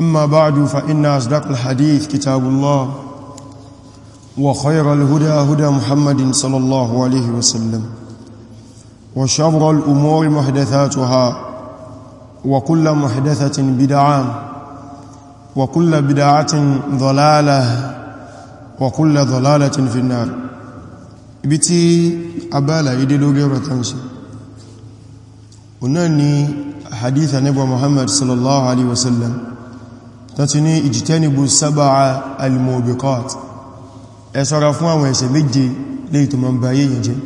أما بعد فإن أصدق الحديث كتاب الله وخير الهدى هدى محمد صلى الله عليه وسلم وشر الأمور محدثاتها وكل محدثة بدعة وكل بدعة ضلالة وكل ضلالة في النار بتي أبالا يدلو غير تنسي ونني حديث نبو محمد صلى الله عليه وسلم tó ti ní ìjìtẹ́nibù sábà al-mubiqat ẹ ṣọ́ra fún àwọn ẹ̀ṣẹ̀ méje lè tó máa ń ba ayé yẹn jẹ́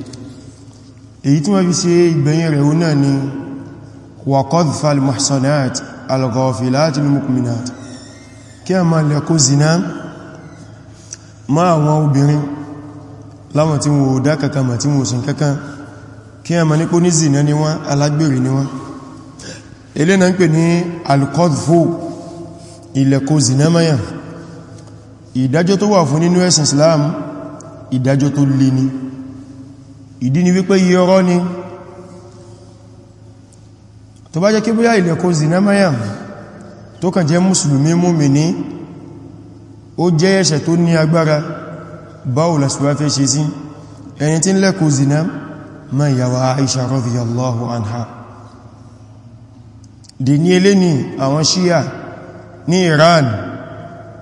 èyí tí wọ́n fi ṣe ìgbẹ̀yìn rẹ̀ wọ́n náà ni wa qadhfa al-muhsanat al-ghafilat al-mu'minat kí a máa lẹ́kó zina ma àwọn ilẹ̀kùn zinamaya ìdájọ́ tó wà fún nínú ẹ̀sìn Islam ìdájọ́ tó lè ní ìdí ni wípé yí ọrọ́ ni tó bá jẹ́ kí bóyá ilẹ̀kùn zinamaya tó kàn jẹ́ mùsùlùmí múmìní ó jẹ́ ẹ̀ṣẹ̀ tó ní agbára báwo la ṣùgbá ṣe sí ẹni tí ń lẹ́kùn zina anha dì ní elé ní Iran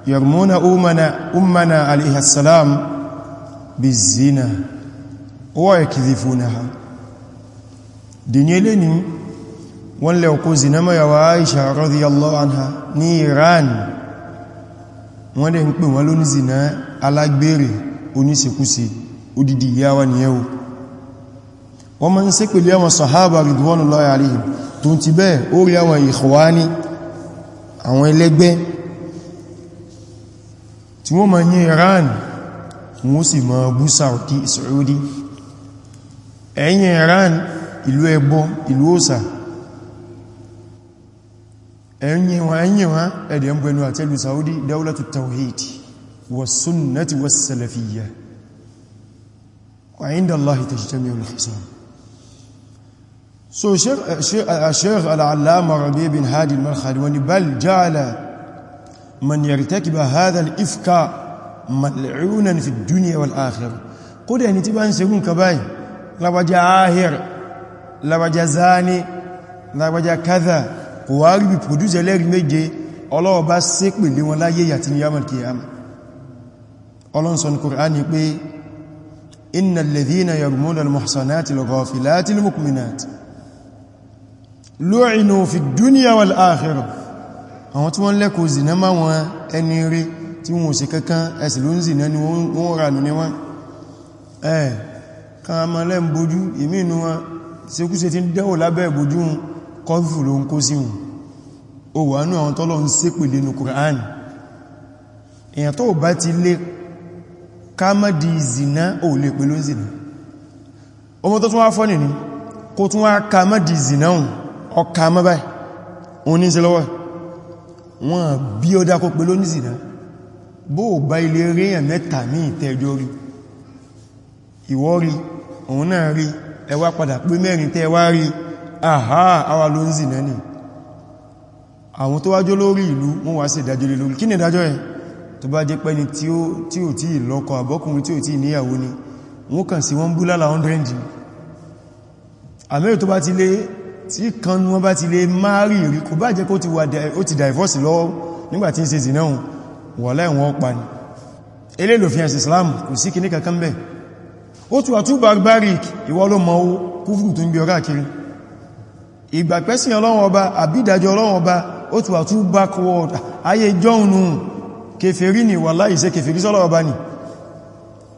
yarmuna ummana alaihissalam bizina wa yakdhifunaha dìnyẹlẹ́ ni wọ́n lè ọkọ̀ zina mayawa Aisha radiyallahu anha ní Iran wọ́n lè ń pè wọ́n lóní zina alágbèrè oníṣekúsí odidi ìyáwá ni yẹ́wò wọ́n ma ń ṣépè lé àwọn sahaba ridwanullahi alaihim tó ti bẹ́ẹ̀ ó rí àwọn ikhwani àwọn ẹlẹ́gbẹ́ tí wọ́n ma ní Iran wọ́n sì ma bú Saudi Saudi ẹ̀yìn Iran ìlú ẹbọ ìlú òsà ẹ̀yìn wọn ẹ̀yìn wọn ẹ̀dẹ̀ ń bẹnu àtẹ́lù Saudi dáúlátù tawhid wa sunnati wa salafiyya wa inda Allah tajtami'u al-khisam so uh, uh, sheikh al'allama rabi bin hadi al-marhali wani bal ja'ala man yartakiba hadha al-ifka mal'unan fi dunya wal akhirah kódà ẹni tí bá ń según ka báyìí labaja ahir labaja zani labaja kaza kò wá produce ẹlẹ́rìí méje Ọlọ́run bá ṣe pèlé wọn láyé yàtí ní yamal kiyama Ọlọ́run Kùránì pé innal ladhina yarmuna al-muhsanati al lóòrìnà fi dúníyà wà láàrẹ̀rọ̀ àwọn tí wọ́n lẹ́kọ̀ọ́ zìnà máa wọn ẹni rí tí wọ́n ṣe kankan ẹ̀sì ló ń zìnà ni wọ́n rà nù ní wọ́n ẹ̀ kààmà lẹ́m bójú ìmí inú wọn sekúse ti dẹ́wò lábẹ́ bójú kọfù ló ń kó sí wọn ó wà nú àwọn tọ́lọ ń ṣépè lẹ́nu Qur'an èyàn ló ń kó ọka mọ́ báyìí òun ní sílọ́wọ́ wọ́n bí ó dákó pé ló ní zìnà bó bá ilé ríyàn mẹ́ta ní ìtẹ́jọ rí ìwọ rí òun náà rí ẹ padà pé mẹ́rin tẹ́ wá rí àhá àwa ló ń zìnà ni àwọn tó wájó lórí ìlú wọ́n wá sí ìdájọ́ lé lórí kí ni ìdájọ́ ẹ̀ tó bá jẹ́ pẹ́ni tí ó tí ò tí lọ́kọ àbọ́kùnrin tí ò tí níyàwó ni wọ́n kàn sí wọ́n la 100 àmẹ́rẹ̀ tó bá ti lé tí kan ní wọ́n bá ti lè márì rí kò bá jẹ́ kó ti divorce lọ́wọ́ nígbàtí ń ṣe zì náà wà láìwọ́n pa ní ilé lòfin àṣì Islam kò sí kìní kankan bẹ̀ ó tù àtú barbaric ìwọ́ ló mọ́ kúfùrù tó ń gbé ọ̀rá kiri ìgbàpẹ́sìn ọlọ́wọ́ ọba àbídájọ́ ọlọ́wọ́ ọba ó tù àtú backward ayé jọ́unù kèfèrí ni wà láìsẹ́ kèfèrí sọ́lọ́ ọba ni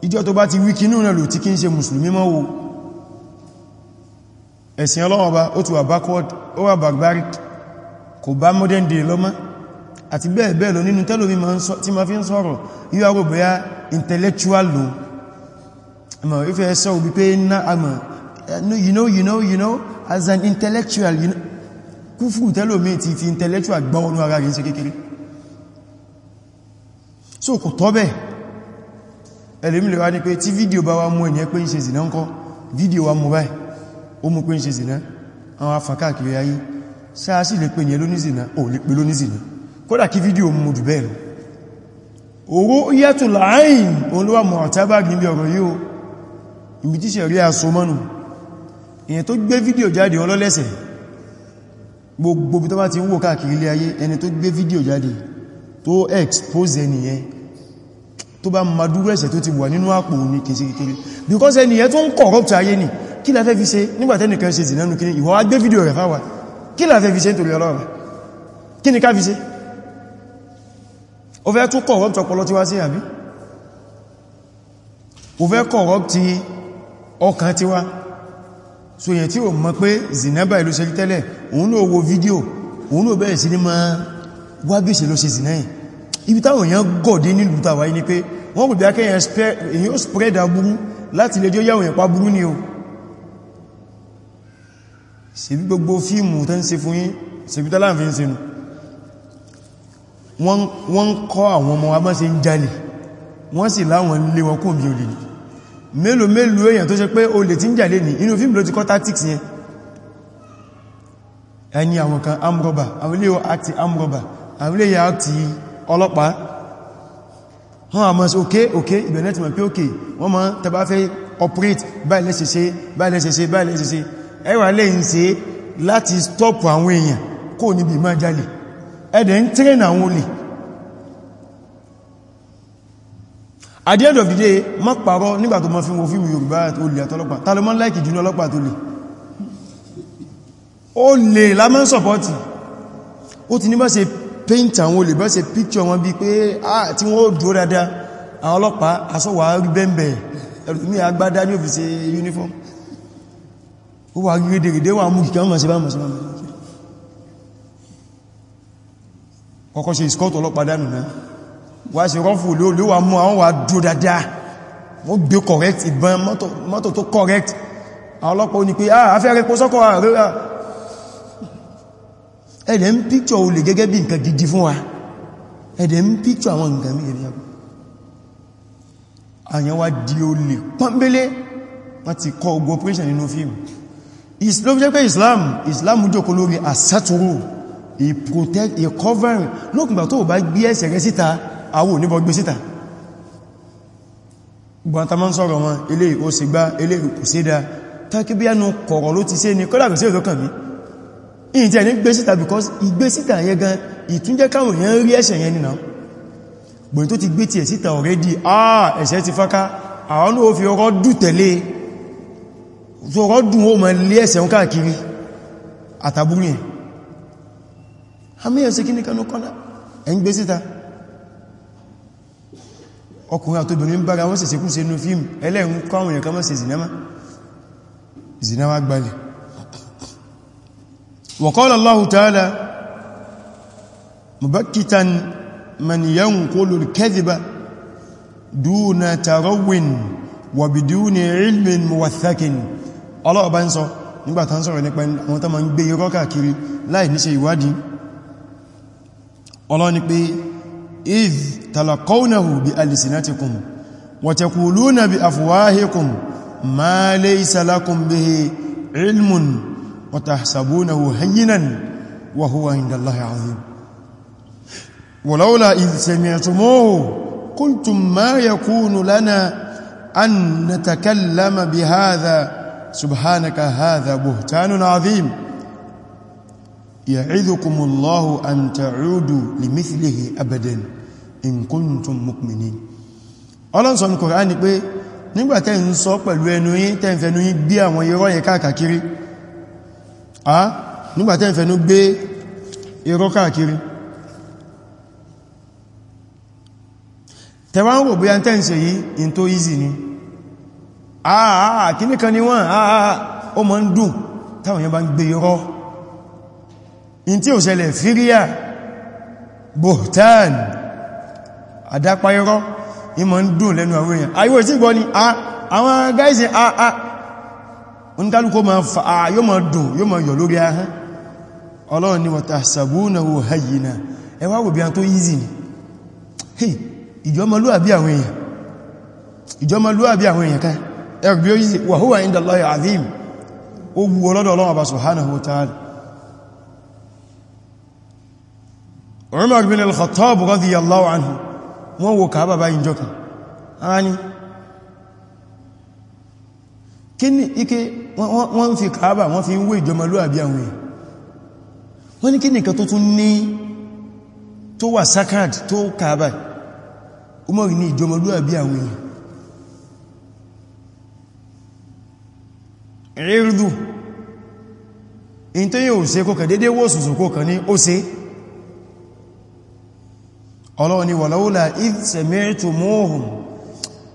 ìjọ tó bá ti wíkinú náà lò tí kí ń ṣe mùsùlùmí mọ́ wo ẹ̀sìn ọlọ́wọ́ bá ó ti wà backward ó wà barbaric kò bá modern day lọ́mọ́ àti bẹ́ẹ̀ bẹ́ẹ̀ lọ nínú tẹ́lómi tí ma fi ń sọ̀rọ̀ yíò arò bóyá intellectual lo ẹmọ̀ ìfẹ́ ẹsẹ́ òbí pé ná àmọ̀ you know you know you know as an intellectual you know kúfù tẹ́lómi ti fi intellectual gbá ọnú ara rẹ̀ ń ṣe kékeré so kò tọ́ bẹ́ẹ̀ ẹlòmí lè wá ní pé tí fídíò bá wá mú ẹ̀yẹ́ ó mú pé ń ṣe zìnà àwọn afọ̀káàkiri ayé sáàsì lè pè ní elónìzìnà ò lè pè lónìzìnà kódà kí fídíò mú jù bẹ́ẹ̀ lọ oró yẹ́tù láàáyìn olówà mọ̀ àtàbàgì níbi ọ̀rọ̀ yíò ibi tí sẹ̀rí aṣọ mọ́nù èyàn tó gbé fídíò jáde ọlọ́lẹ́sẹ̀ gbogbo bá ti ń wò tó expose ẹniyẹn tó bá madúrẹ́sẹ̀ tó ti wà nínú àpò ní kèsìkèkèrè because ẹniyẹn tó ń corrupt ayé ni kí la fẹ́ fi ṣe nígbàtẹ́nìkan ṣe zìnánú kí ni ìwọ wá gbé fídíò rẹ̀ fáwà kí la fẹ́ fi ṣe nítorí ọlọ́rọ̀ kí ni ká fi ṣe o fẹ́ tún corrupt ọpọlọ tí wá sí àbí o fẹ́ corrupt ti ọkàn tí wá so yẹn tí o mọ̀ pé zinaba ìlú ṣe rí tẹ́lẹ̀ òun ló wo fídíò òun ló bẹ̀rẹ̀ sí ní ma wá bí ṣe ló ṣe zìnà yìí ibi táwọn èèyàn gọ̀dé nílùú tàwáyé ni pé wọ́n kò bí akẹ́yàn èyí ó spread aburú láti lè jọ yàwó yẹn pa burú ni o ṣebí gbogbo fíìmù tán ṣe fún yín ṣebí tọ́lá fi ń ṣe nù wọ́n kọ́ àwọn ọmọ wa bá ṣe ń jalè wọ́n sì láwọn lé wọn kó bí olè mélòó mélòó èèyàn tó ṣe pé olè tí ń jalè ní inú fíìmù ló ti kọ́ tactics yẹn ẹni àwọn kan amrọba àwọn ilé àti amrọba àwọn ilé àti ọlọ́pàá wọ́n a mọ́ sí òkè òkè ìbẹ̀lẹ́tìmọ̀ pé òkè wọ́n mọ́ tẹbá fẹ́ operate báyìí lẹ́sẹsẹ báyìí lẹ́sẹsẹ báyìí lẹ́sẹsẹ ẹwà lè ń ṣe láti stọ́pù àwọn èèyàn kò níbi máa jalè ẹ̀dẹ̀ ń tírẹ̀nà àwọn olè at the end of the day má pàrọ nígbà tó mọ́ fi wo fíìmù Yorùbá olè àtọ́lọ́pàá ta ló mọ́ láìkì jù ní ọlọ́pàá tó lè ó lè lámọ́ sọ̀pọ̀tì ó ti ní bá ṣe paint àwọn olè bá ṣe picture wọn bí pé ah, tí wọ́n ó dúró dáadáa àwọn ọlọ́pàá asọ́wàá rí bẹ́ẹ̀bẹ̀ẹ́ ẹ̀rùmí agbádá ní uniform ó wà rí rédèrèdè wà mú kìkà mọ̀ sí bá mọ̀ sí bá mọ̀ kọ́kọ́ ṣe ìskọ́tọ̀ ọlọ́pàá dánù náà wà ṣe rọ́fù ló wà mú àwọn wà dúró dáadáa wọ́n gbé correct ìbọn mọ́tò tó correct àwọn ọlọ́pàá ó ní pé ah afẹ́rẹ́ pọ́ sọ́kọ̀ àríwá ah. ẹ̀dẹ̀ ń píkṣọ̀ olè gẹ́gẹ́ bí nǹkan gidi fún wa ẹ̀dẹ̀ ń píkṣọ̀ àwọn nǹkan mí ẹ̀bí àgbà àyẹ̀wà di olè pọ́nbélé ló fi jẹ́ pé islam islam jókó lórí asátúrú ìprotect ìcovering lókùnbà tó bá gbé ẹsẹ̀ rẹ síta àwọ oníbọ̀ gbé síta gbọ́nta ma ń sọ̀rọ̀ wọn ilé ó sì gbá ilé kò sí dá tàkí bí ẹnu kọ̀rọ̀ ló ti ṣe ní kọ́lá because ìgbé síta yẹn gan ìtúnjẹ́ káwọn èèyàn rí ẹsẹ̀ yẹn nìna gbọ́n already ah ẹsẹ̀ ti fáká àwọn ó fi ọkọ̀ dùtẹ̀lé tọ́rọ dùn ó ma lé ẹsẹ̀ ń káàkiri àtàbúrí ẹ̀ àmìyànṣe kí ní kanú kọ́nà ẹ̀ ń gbé síta ọkùnrin àtòbìnrin bára wọ́n sẹ̀sẹ̀kú sí inú fíìmù ẹlẹ́rin kọ́wọ̀n èèyàn kan mọ́ sí zinama gbalẹ̀ wa Ọlọ́run bá ń sọ nígbàtà ń sọ̀rọ̀ nípa àwọn tó ma ń gbé irọ́ káàkiri láì níṣẹ́ ìwádìí Ọlọ́run ní pé idh talaqawnahu bi alsinatikum wa taquluna bi afwahikum ma laysa lakum bihi ilmun wa tahsabunahu hayyinan wa huwa inda Allahi azim ولولا إذ سمعتموه قلتم ما يكون لنا أن نتكلم بهذا سبحانك هذا بهتان عظيم يعظكم الله أن تعودوا لمثله أبدا إن كنتم مؤمنين ọlọ́n sọ ní kòrán ni pé nígbàtẹ́ ń sọ pẹ̀lú ẹnu yín tẹ́ ń fẹnu yín gbé àwọn irọ́ yẹ káàkiri a nígbàtẹ́ ń gbé irọ́ káàkiri tẹwàá ń rò bí i ń ṣe yìí in tó easy ni àà ah, ah, kìní kan ni wọ́n àà ah, ó mọ́ ń dùn táwọn yẹn bá ń gbé irọ́ in tí ò ṣẹlẹ̀ fíríà bohtan àdápa irọ́ in mọ́ ń dùn lẹ́nu àwọn èèyàn ayíwọ̀ tí gbọ́ ni àwọn gáìsì àà oníkálùkò ma fa àà yóò mọ́ dùn yóò mọ́ yọ lórí ahán ọlọ́run ni wọ̀ta bí àwọn èèyàn kan ẹgbẹ́ oyi wa huwa inda Allahi azim ó wu ọlọ́dọ̀ Ọlọ́run bá subhanahu wa ta'ala Umar bin al-Khattab radiyallahu anhu wọ́n wo Kaaba báyìí jọkan ara ni kí ni ike wọ́n fi Kaaba wọ́n fi ń wé ìjọmọlúwàbí àwọn èèyàn wọ́n ní kí ni àwọn èèyàn rírdù in tó yíò ṣe kókà dédé wó sùsù kókà ní ó ṣe ọlọ́ni wàláwọ́lá ìsẹ̀mẹ́ẹ̀tù mọ́ọ̀hùn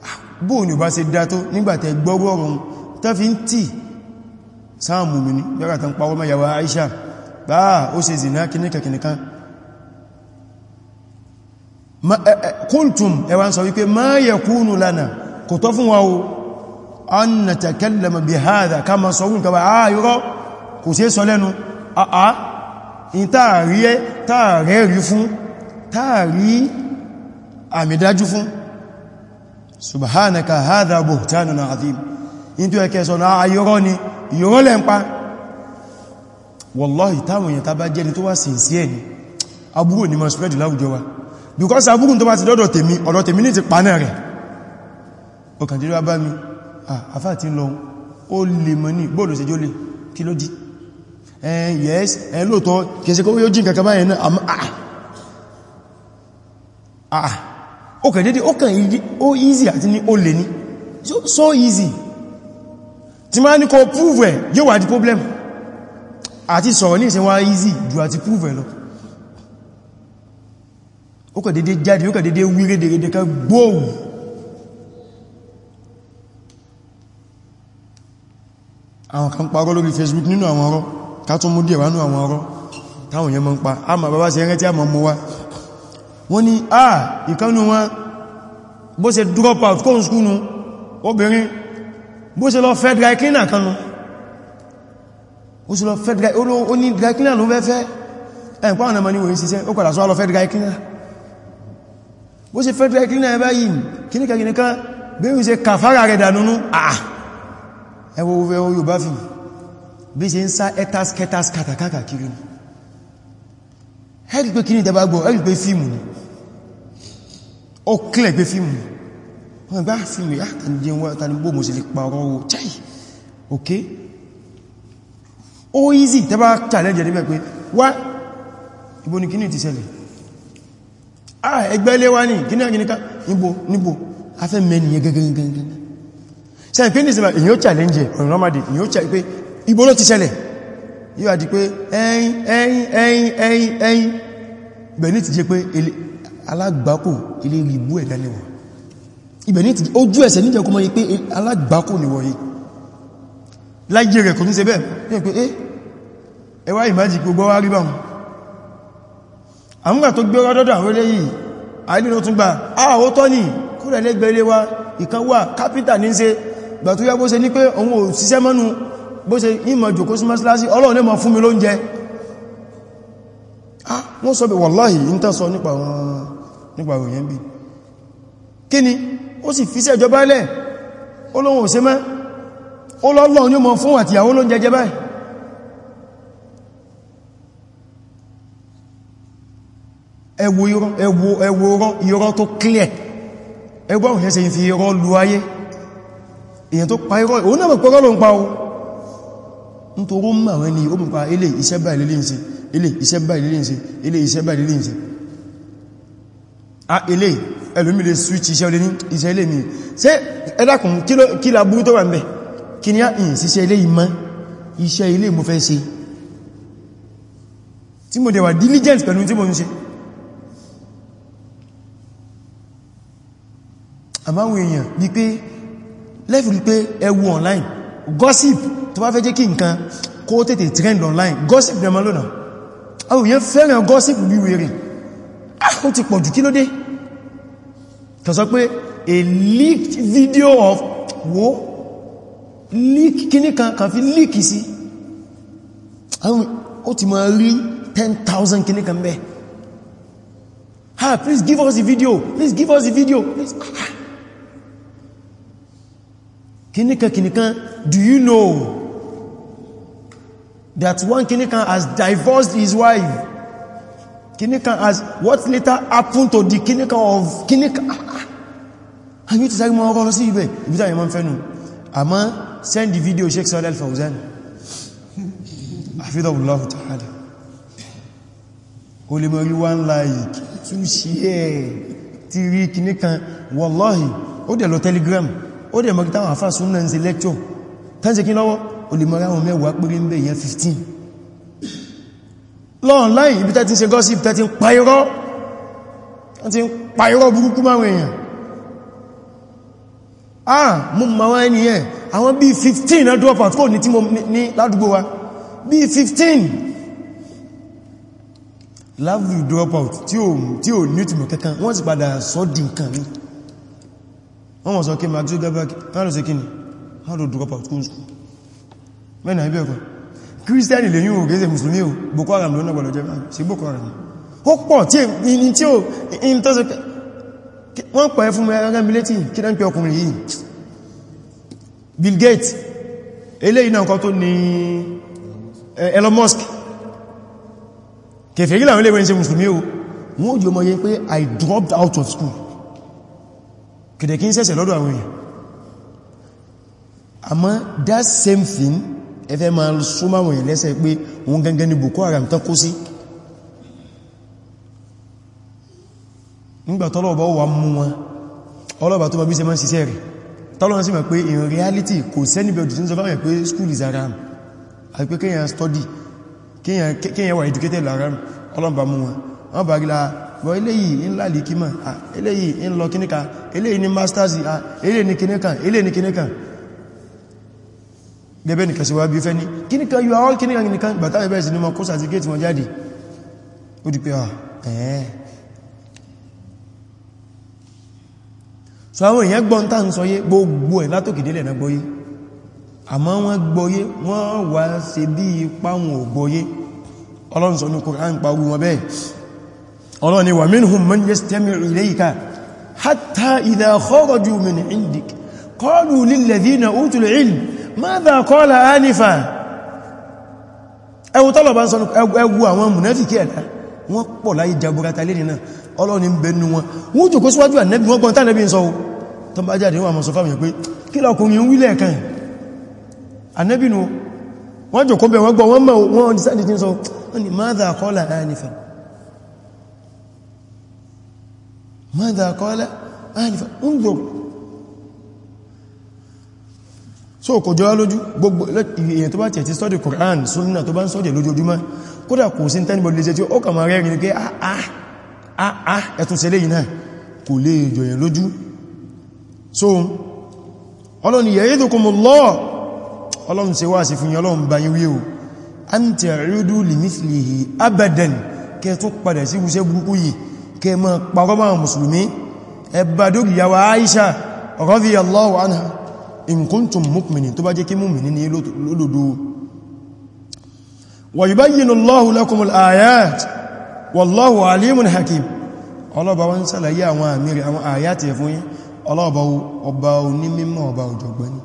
ah, bóò ní bá ṣe dátó nígbàtẹ̀ gbọ́gbọ́rùn tó fi ń tì sáàmù mi ní yọ́gàtà ń pàwọ́ mẹ́yàwó Aisha bá ó ṣe zina kìníkàkìníkan kúntùm ẹwà ń sọ wípé ma yakunu lana kò tọ́ an na takallama bi haza kama sọ́gun kaba a ah, yúrọ ah, kò sí sọ lẹ́nu àà ah, in táàrí ẹ táàrẹ rí fún táàrí àmìdájú fún subhanaka haza buhtanun azim in tó ẹkẹ sọ náà ayúrọ ni yúrọ lẹ́mpa wallahi táwọn èèyàn tàbá jẹ́ni tó wá sincere ni abúrò ni ma spread láwùjọ wa because abúrò tó bá ti dọ́dọ̀ tèmi ọ̀dọ̀ tèmi ní ti pa náà rẹ̀ ọkàn mi Ah, àfáà tí ń lọ ó lè mọ̀ ní bóòlù sí jólè kí ló dí ẹn yes ẹn lóòtọ́ kẹsẹ̀ kó yóò jí nǹkan kaba ẹ̀nà àmà àà ó kẹ̀ dédé ó kàn ó easy àti ní ó lè ní so easy tí máa ní kọ prove ẹ̀ yóò wà di problem àti sọ̀rọ̀ ní ìsẹ́wà easy jù àti prove ẹ̀ lọ ó kẹ̀ dédé jáde ó kẹ̀ dédé wí rédèrédè kan gbóòwù àwọn kan parọ́ lórí Facebook nínú àwọn ọ̀rọ̀ ká tún mú díẹ̀ wá nú àwọn ọ̀rọ̀ táwọn yẹn mọ́ ń pa a ma bàbá ṣe rántí àmọ́ mọ́ wá wọ́n ni a ìkánú wọn bó ṣe drop out kóhùn skúnu obìnrin bó ṣe lọ fẹ́ dry cleaner kanu ó ṣe lọ fẹ́ dry ó ní dry cleaner ló fẹ́ ẹ̀ pàwọn ọmọ níwòye ṣiṣẹ́ ó padà sọ́ lọ fẹ́ dry cleaner bó ṣe fẹ́ dry cleaner ẹ báyìí kíníkà kíníkà bí ó ṣe kàfàrà rẹ̀ dànúnú àà ẹwọ owó ẹwọ yóò bá fi bí ṣe ń sá ẹtas kẹtas kàtàkàkà kiri ni ẹ̀rì pé kí ní ìdẹ̀bà gbọ́ ẹ̀rì pé fíìmù ni ó kílẹ̀ pé fíìmù ni wọ́n ah, fíìmù yá ah, tàbí chai ok ó easy tẹ́bà challenge níbẹ̀ pé wá ibo ni kíní ah ẹgbẹ́ ilé wá ní kíní àgíníká níbo níbo afẹ́ mẹ́ni yẹ gẹ́gẹ́gẹ́gẹ́gẹ́ ṣe pé ní ìsinmi ìyó challenge ọ̀nà ọmọdé ìyó challenge pé ibo ló ti ṣẹlẹ̀ yíò àdí pé ẹ̀yìn ẹ̀yìn ẹ̀yìn ẹ̀yìn ẹ̀yìn ibẹ̀ ní ti jẹ pé alágbákò ilé ìlú ẹ̀dá níwọ̀ ibẹ̀ ní ti ojú ẹsẹ̀ níjẹ kọmọ yìí pé alágbákò níwọ̀ yìí láyé rẹ̀ kò ní ṣe bẹ́ẹ̀ ah, ìkan wà kápítà ní ṣe gbà tó yá bó ṣe ní pé òun ò síṣẹ́ mọ́nu bó ṣe ìmọ̀ jòkó sí mọ́sílásí ọlọ́run ní mọ̀ fún mi lóúnjẹ wọ́n sọ bí wàláhì ń tán sọ nípa òyìn bí kí ni ó sì fíṣẹ́ ìjọba ilẹ̀ olóhun òṣe mẹ́ olóòlò ní mọ̀ fún àtìyàwó lóúnjẹ jẹ báyìí ẹwọ ìrọ́ tó clear ẹgbọ́n òṣèṣe fi ìrọ́ lu ayé èyàn tó pa irọ́ òun náà pọ̀rọ̀ ló ń pa o ń tó rọ́ mọ̀ wẹ́ni ó mú pa ilé iṣẹ́ báyìí lè ń ṣe ilé iṣẹ́ báyìí lè ń ṣe ilé iṣẹ́ báyìí lè ń ṣe a ilé ẹlòmí lè switch iṣẹ́ olè ní iṣẹ́ ilé mi ṣe ẹdàkùn kí la burú tó wà ń bẹ̀ kí ni a ń ṣiṣẹ́ ilé ìmọ̀ iṣẹ́ ilé mo fẹ́ ṣe tí mo dẹ̀ wà èèyàn ni pé lẹ́fì rí pé ẹwu online gossip tó bá fẹ́ jẹ́ kí nǹkan kó tètè trend online gossip dẹmọ lónà àwọn èèyàn fẹ́ràn gossip bí wèrè ah, ó ti pọ̀ jù kí ló dé kàn sọ pé a leaked video of wo leak kíní kan kan fi leak sí àwọn ó ti máa rí 10,000 kíní kan bẹ́ẹ̀ ah please give us the video please give us the video please ah kìníkan kìníkan do you know that one kìníkan has divorced his wife kìníkan has what later happened to the kìníkan of kìníkan and ah, ah. you ti sáré mọ́ ọkọ̀ sí ibẹ̀ you tàbí ma ń fẹ́nu àmọ́ send the video Sheikh Saalih Uzen. Fawzān hafidhahullahu ta'ala o lè mọ̀ rí one like two share ti rí kìníkan wallahi ó dẹ̀ lọ telegram ó dẹ̀ mọ̀kítà àwọn àfáà súnmọ́ ní lecture tán ṣe kí lọ́wọ́ olùmọ̀rá àwọn mẹ́wàá péré ń bẹ̀ yẹn 15 lọ́n láì ibi tẹ́ ti ṣe gossip tẹ́ ti pàírọ́ ti ń pàírọ́ burúkú máwọn èèyàn ah mú ma wá ní ẹ̀ àwọn bí 15 na drop out kò ní tí mo ní ládùgbò wa bí 15 love drop out tí ò ní ìtìmọ̀ kankan wọ́n sì padà sọ́dì nǹkan ní wọ́n wọ́n sọ kí Mark Zuckerberg wọ́n lọ sí kí ni how to drop out school school mẹ́nà ibẹ̀ ọkọ̀ kírísítẹ́nì lè yíò gẹ́sẹ̀ mùsùlùmí o Boko Haram lọ́nà gbọ́lọ̀ jẹ́ sí Boko Haram ó pọ̀ tí ní tí ó in tó sọ wọ́n pọ̀ ẹ fún mẹ́ ẹgbẹ́ milétì kí náà pẹ ọkùnrin yìí Bill Gates eléyìí náà nǹkan tó ní Elon Musk kẹfẹ́ gílà wọn lè wọ́n ṣe mùsùlùmí I dropped out of school kìdẹ̀ kí ń sẹ́sẹ̀ lọ́dọ̀ àwọn èèyàn àmọ́ that same thing ẹfẹ́ ma súnmáwọn èèyàn lẹ́sẹ̀ pé òun gangan ni Boko Haram tán kó sí nígbàtọ́lọ́ọ̀bá wà mú wọn ọlọ́ọ̀bá tó in reality kò sẹ́nibẹ̀dì tí ń school is haram àti pé kíyàn study kíyàn wà educated haram ọlọ́ọ̀bá mú wọn wọ́n bọ̀ eléyìí ní láàlì kímọ̀ eléyìí ní lọ kíníkà eléyìí ní masters eléyìí ní kíníkà eléyìí ní kíníkà gẹ́gẹ́ nìkan sí bí fẹ́ ní kíníkà you are all kíníkà nìkan gbàtà ẹ̀bẹ̀ sí ní mọ́ kó certificate wọn jáde di pé ẹ̀ẹ́ so àwọn èèyàn gbọ́n tàà ń sọ yé gbogbo ẹ̀ látòkèdélẹ̀ náà gbọ́yé àmọ́ wọ́n gbọ́yé wọ́n wá ṣe bí ipá pa ogun wọn ọlọ́run ni wa minhum man yastami'u ilayka hatta idha kharaju min indik qalu lilladhina utul ilm madha qala anifa ẹwù tọ́lọ̀bá sọ ẹwù àwọn mùnáfíkì ẹ̀dá wọ́n pọ̀ láyé jaburata lè nìna ọlọ́run ń bẹnu wọn wọ́n jù kó síwájú ànẹ́bì wọ́n gbọ́n tánẹ́bì ń sọ tó bá jáde wọ́n sọ fáwọn pé kí lọkùnrin ń wílẹ̀ kan ànẹ́bì nù wọ́n jù kó bẹ̀ wọ́n gbọ́n wọ́n mọ̀ wọ́n ماذا قال آنفا انظر so kò jọ lójú gbogbo èyàn tó bá tẹ̀ tí study Quran sunna tó bá ń study lójoojúmọ́ kódà kò sí tẹ́nibọ̀ lè jẹ́ tí ó kà máa rẹ́rin pé àà ah, ah, ah, ẹ̀tún ṣe léyìn náà kò lè jọyàn lójú so ọlọ́ni ya'idukumullah ọlọ́run ṣe wá sí fún ọlọ́run bá yín wí o an ta'udu li mithlihi abadan kẹ́ kẹ mọ́ pàrọ́bà mùsùlùmí ẹbà dúkìyàwó Aisha radiyallahu anha in kuntum mu'minin tó bá jẹ́ kí mu'minin ní lódòdó wa yubayyinu Allahu lakumul ayat wallahu alimun hakim ọlọ́ba wọn sàlàyé àwọn àmìrì àwọn àyàtì ẹ̀fún yí ọlọ́ba ọba onímọ̀ ọba òjọ̀gbọ́ni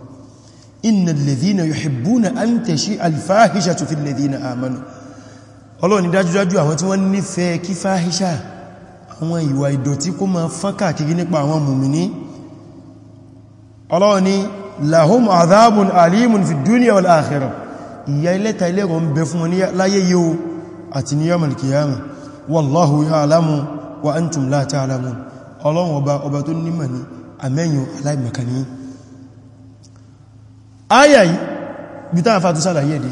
inna alladhina yuhibbuna an tashi alfahishatu fil ladhina amanu ọlọ́ni àwọn ìwà ìdọ̀tí kó ma fán káàkiri nípa àwọn mùmìní ọlọ́wọ́ ni lahum adhabun alimun fi duniya wal akhirah ìyà ilẹ́ta ilẹ́rọ ń bẹ fún wọn láyé yíò àti ní yawmal qiyamah wallahu ya'lamu wa antum la ta'lamun ọlọ́wọ́ ọba ọba tó nímọ̀ ni àmẹ́yìn aláìmọ̀kaní ayayi bí táà fà tó sàlàyé dé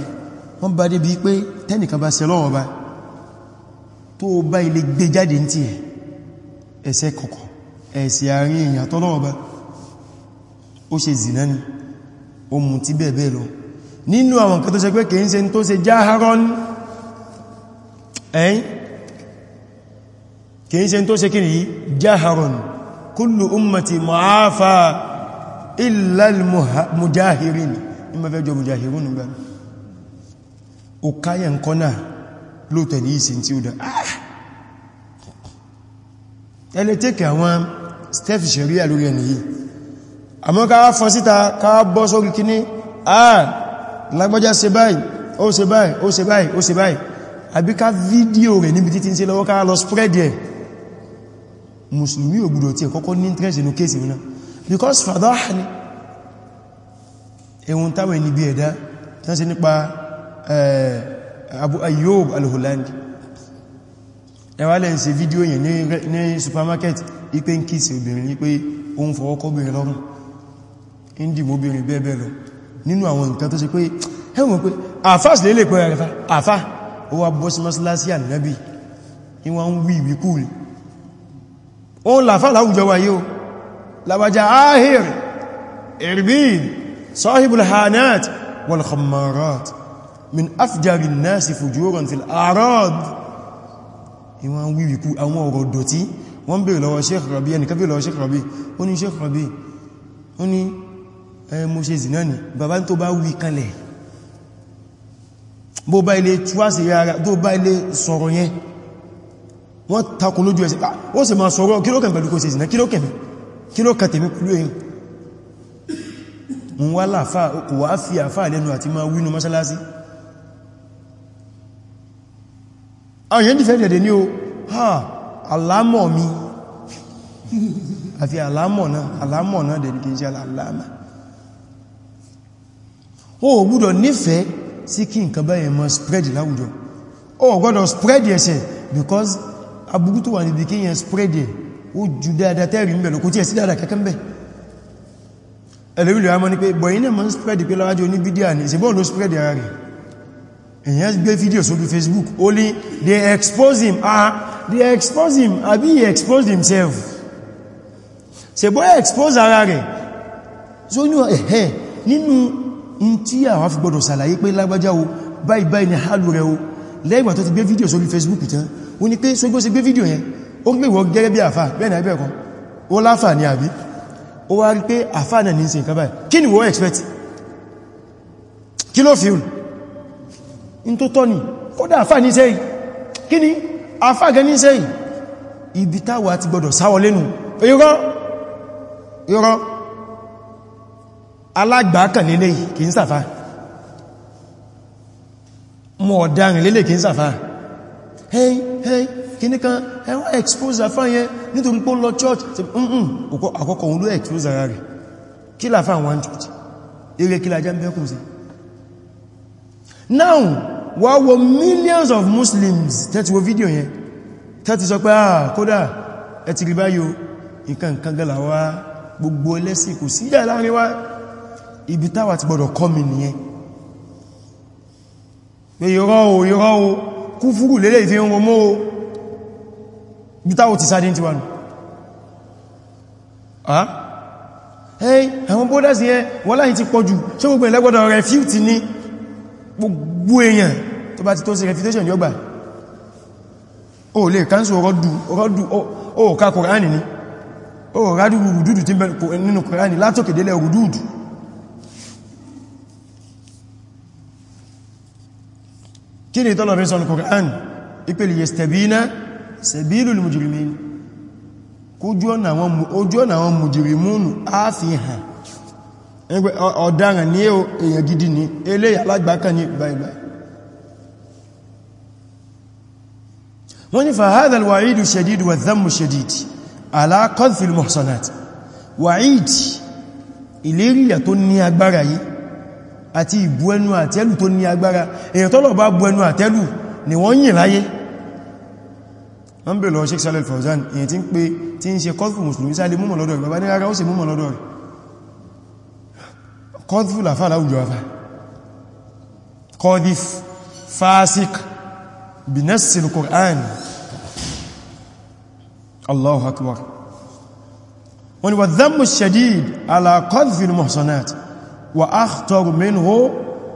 wọ́n bá dé bí pé tẹ́nìkan bá sẹ́lọ́wọ́ bá tó bá ilé gbé jáde ní ti ẹ̀ṣẹ̀ kọ̀kọ̀ ẹ̀ṣẹ̀ àárín èèyàn tọ́lọ́ọ̀bá ó ṣe zìnà ni ó mú tí bẹ́ẹ̀ bẹ́ẹ̀ lọ nínú àwọn nǹkan tó ṣe pé kìí ṣe tó ṣe jáharọ́n ẹ̀yìn ummati mu'afa illa mujahirin ima fẹ́ jọ mujahirun gbá ó káyẹ̀ lóòtẹ̀ ní ìsìn tí ó dá ah ẹlẹ́ tẹ́kẹ̀ àwọn steph sharia lórí ẹni yìí àmọ́ ká fọ́n síta ká bọ́ sórí kíní àà lágbọ́já ṣe báyìí ó ṣe báyìí ó ṣe báyìí ó ṣe báyìí àbí ká fídíò rẹ̀ níbi títí ń ṣe lọ́wọ́ ká lọ spread ẹ̀ mùsùlùmí ò gbọ́dọ̀ tí ẹ̀ kọ́kọ́ ní interest inú kéèsì ni ẹ̀wọ̀n táwọn ẹni bí ẹ̀dá Abu Ayyub al-Hulandi ẹwà lẹ́ ń ṣe fídíò yẹn ní supermarket ipé ń kí sí obìnrin ní pé o ń fọwọ́kọ́bìnrin lọ́rùn indi mobìnrin bẹ́ẹ̀bẹ́ẹ̀ lọ nínú àwọn nǹkan tó ṣe pé ẹwọ̀n pé àfáàs lè pẹ̀rẹ̀ rẹ̀fà àfá ó wá bọ́ sí mọ́sálásí ànábì ìwọ̀n wíwìkú àwọn ọ̀rọ̀ dọ̀tí wọ́n bèèrè lọ́wọ́ Sheikh Rabi ẹnìkan bèèrè lọ́wọ́ Sheikh Rabi ó ní Sheikh Rabi ó ní mo ṣe zì náà ni bàbá tó bá wí kanlẹ̀ bó bá ilé túwásì yára tó bá ilé sọ̀rọ̀ yẹn wọ́n takùn lójú ẹsẹ̀ ah, ó sì máa sọ̀rọ̀ àwọn yẹn dìfẹ́ dẹ̀dẹ̀ ní o ha alámọ̀ mi àfi alámọ̀ náà alámọ̀ náà dẹ̀ ní kí n ṣe aláàmà o gbọ́dọ̀ nífẹ́ sí kí nǹkan báyẹn mọ́ spread láwùjọ o gbọ́dọ̀ spread ẹsẹ̀ because aburú tó wà níbi kí yẹn spread ẹ̀ ó ju dáadáa tẹ́rì mẹ́lò kò tí ẹ̀ sí dáadáa kẹ́kẹ́ mẹ́ ẹ̀lẹ́rìlẹ̀ àmọ́ ní pé bọ̀yí náà mọ́ spread pé láwájú oníbídíà ní ìsìnbọ́n ló spread ara rẹ̀ èyàn gbé fídíò sórí Facebook ó ní they expose him ah they expose him àbí he expose himself ṣe bọ́ expose ara rẹ̀ so ní ẹ̀ẹ́ eh, eh, nínú in tí àwọn fi gbọdọ̀ sàlàyé pé lágbájá o báyìí báyìí ni hálù rẹ̀ o lẹ́gbà tó ti gbé fídíò sórí Facebook tán ó ní pé sógbó sí gbé fídíò yẹn ó ń gbèwọ́ gẹ́gẹ́ bí àfà bẹ́ẹ̀ ni àbẹ́ẹ̀kan ó láfà ní àbí ó wá rí pé àfà náà ní sí in tó tọ́ ni kódà àfà ní sẹ́yì kí ni àfà gẹ ní sẹ́yì ibi táwà ti gbọdọ̀ sáwọ lẹ́nu irọ́ irọ́ alágbàákànlélẹ̀ kì ń sàfà mọ̀ ọ̀daràn lélẹ̀ kì sàfà hey hey kìní kan ẹwọ́ expose àfà yẹn nítorí pé ó lọ church ti mm àkọ́kọ́ òun ló expose ara rẹ̀ kí láfà wọn church eré kí lájá ń bẹ́kùn sí now wà wo millions of muslims tẹ́tí wo fídíò yẹn tẹ́tí sọ pé àà ah, kódà ẹ ti rí báyìí nǹkan nǹkan gẹ́là wá gbogbo ẹlẹ́sìn kò sí ìjà láàrin wa ibi táwà ti gbọdọ̀ kọ́ mi nìyẹn pé o yọrọ o kú fúrù lélẹ̀ ìfẹ́ ohun mọ́ o ibi táwà ti sáadé ti wà nù àwọn bóódá sí ẹ wọ́n láyìn ti pọ̀jù ṣé gbogbo ẹ̀lẹ́gbọ́dọ̀ rẹ̀ fíìtì ni gbogbo èèyàn tó bá ti tó sí refutation yọ́gbà o lè kánsù ọ̀rọ̀dù ọ̀rọ̀dù o ká kòránì ní o rádù rùdùdù tí nínú kòránì látòkèdélẹ̀ rùdùdù kí ni tọ́lọ̀ rí sọ́nà kòránì ìpele yastabina sabilul mujrimin kójú ọ̀nà àwọn mujrimunu á fi hàn ọ̀daràn ní èèyàn gidi ní eléyà alágbàkan ní gbàìgbà wọ́n ni fàhádà alwa'idu shadid wa dhammu shadid ala qadhfil muhsanat wa'id ìléríyà tó ní agbára yìí àti ìbú ẹnu àtẹ́lù tó ní agbára èyàn tọ́lọ̀ bá bú ẹnu àtẹ́lù ni wọ́n yìn láyé wọ́n bèèrè lọ Sheikh Shalal Fawzan èyàn tí ń pé tí ń ṣe kọ́fù mùsùlùmí sáà lè múmọ̀ lọ́dọ̀ rẹ̀ bàbá ní rárá ó sì múmọ̀ lọ́dọ̀ rẹ̀ kọ́dífù làfà láwùjọ afá kọ́díf fásik binasil Qur'an Allahu akbar wani wa dhammu shadid ala kọ́dífù muhsanat wa akhtar minhu